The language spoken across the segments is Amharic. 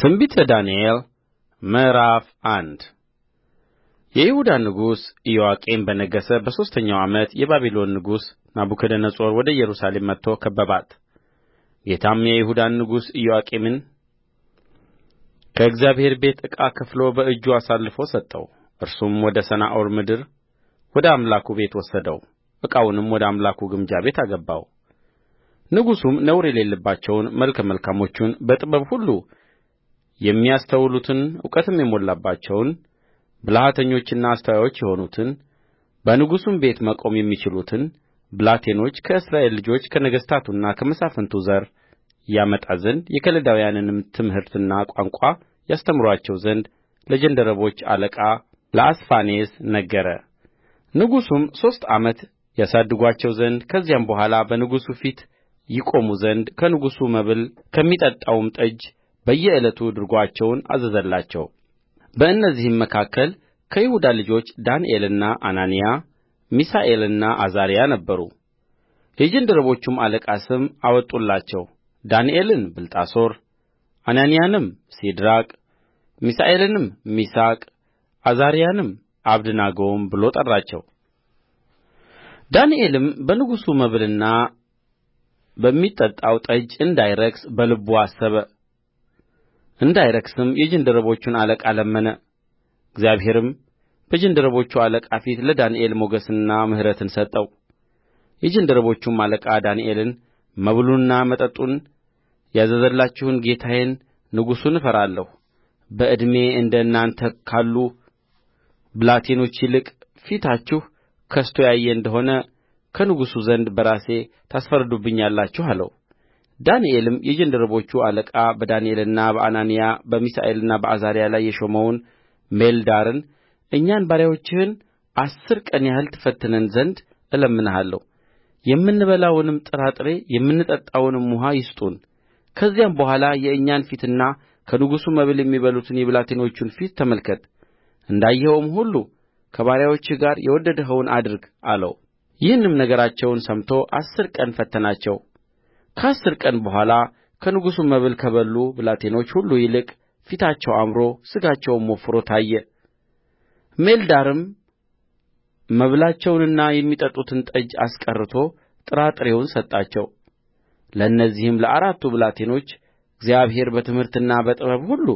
ትንቢተ ዳንኤል ምዕራፍ አንድ የይሁዳ ንጉሥ ኢዮአቄም በነገሠ በሦስተኛው ዓመት የባቢሎን ንጉሥ ናቡከደነፆር ወደ ኢየሩሳሌም መጥቶ ከበባት። ጌታም የይሁዳን ንጉሥ ኢዮአቄምን ከእግዚአብሔር ቤት ዕቃ ከፍሎ በእጁ አሳልፎ ሰጠው። እርሱም ወደ ሰናዖር ምድር ወደ አምላኩ ቤት ወሰደው፣ ዕቃውንም ወደ አምላኩ ግምጃ ቤት አገባው። ንጉሡም ነውር የሌለባቸውን መልከ መልካሞቹን በጥበብ ሁሉ የሚያስተውሉትን እውቀትም የሞላባቸውን ብልሃተኞችና አስተዋዮች የሆኑትን በንጉሡም ቤት መቆም የሚችሉትን ብላቴኖች ከእስራኤል ልጆች ከነገሥታቱና ከመሳፍንቱ ዘር ያመጣ ዘንድ የከለዳውያንንም ትምህርትና ቋንቋ ያስተምሩአቸው ዘንድ ለጀንደረቦች አለቃ ለአስፋኔዝ ነገረ ንጉሡም ሦስት ዓመት ያሳድጉአቸው ዘንድ ከዚያም በኋላ በንጉሡ ፊት ይቆሙ ዘንድ ከንጉሡ መብል ከሚጠጣውም ጠጅ በየዕለቱ ድርጎአቸውን አዘዘላቸው በእነዚህም መካከል ከይሁዳ ልጆች ዳንኤልና አናንያ ሚሳኤልና አዛርያ ነበሩ የጃንደረቦቹም አለቃ ስም አወጡላቸው ዳንኤልን ብልጣሶር አናንያንም ሲድራቅ ሚሳኤልንም ሚሳቅ አዛርያንም አብደናጎም ብሎ ጠራቸው ዳንኤልም በንጉሡ መብልና በሚጠጣው ጠጅ እንዳይረክስ በልቡ አሰበ እንዳይረክስም የጃንደረቦቹን አለቃ ለመነ እግዚአብሔርም በጃንደረቦቹ አለቃ ፊት ለዳንኤል ሞገስንና ምሕረትን ሰጠው የጃንደረቦቹም አለቃ ዳንኤልን መብሉንና መጠጡን ያዘዘላችሁን ጌታዬን ንጉሡን እፈራለሁ በዕድሜ እንደ እናንተ ካሉ ብላቴኖች ይልቅ ፊታችሁ ከስቶ ያየ እንደ ሆነ ከንጉሡ ዘንድ በራሴ ታስፈርዱብኛላችሁ አለው ዳንኤልም የጃንደረቦቹ አለቃ በዳንኤልና በአናንያ በሚሳኤልና በአዛርያ ላይ የሾመውን ሜልዳርን እኛን ባሪያዎችህን አሥር ቀን ያህል ትፈትነን ዘንድ እለምንሃለሁ የምንበላውንም ጥራጥሬ የምንጠጣውንም ውኃ ይስጡን ከዚያም በኋላ የእኛን ፊትና ከንጉሡ መብል የሚበሉትን የብላቴኖቹን ፊት ተመልከት እንዳየኸውም ሁሉ ከባሪያዎችህ ጋር የወደድኸውን አድርግ አለው ይህንም ነገራቸውን ሰምቶ አሥር ቀን ፈተናቸው ከአሥር ቀን በኋላ ከንጉሡ መብል ከበሉ ብላቴኖች ሁሉ ይልቅ ፊታቸው አምሮ ሥጋቸውም ወፍሮ ታየ። ሜልዳርም መብላቸውንና የሚጠጡትን ጠጅ አስቀርቶ ጥራጥሬውን ሰጣቸው። ለእነዚህም ለአራቱ ብላቴኖች እግዚአብሔር በትምህርትና በጥበብ ሁሉ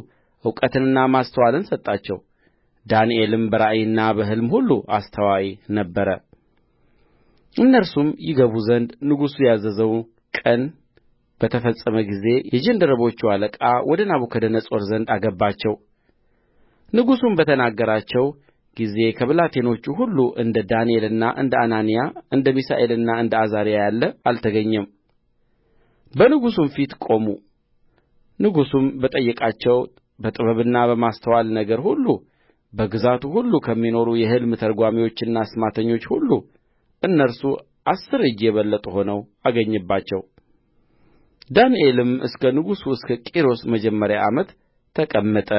እውቀትንና ማስተዋልን ሰጣቸው። ዳንኤልም በራእይና በሕልም ሁሉ አስተዋይ ነበረ። እነርሱም ይገቡ ዘንድ ንጉሡ ያዘዘው ቀን በተፈጸመ ጊዜ የጃንደረቦቹ አለቃ ወደ ናቡከደነፆር ዘንድ አገባቸው ንጉሡም በተናገራቸው ጊዜ ከብላቴኖቹ ሁሉ እንደ ዳንኤልና እንደ አናንያ እንደ ሚሳኤልና እንደ አዛርያ ያለ አልተገኘም በንጉሡም ፊት ቆሙ ንጉሡም በጠየቃቸው በጥበብና በማስተዋል ነገር ሁሉ በግዛቱ ሁሉ ከሚኖሩ የሕልም ተርጓሚዎችና አስማተኞች ሁሉ እነርሱ አሥር እጅ የበለጡ ሆነው አገኘባቸው ዳንኤልም እስከ ንጉሡ እስከ ቂሮስ መጀመሪያ ዓመት ተቀመጠ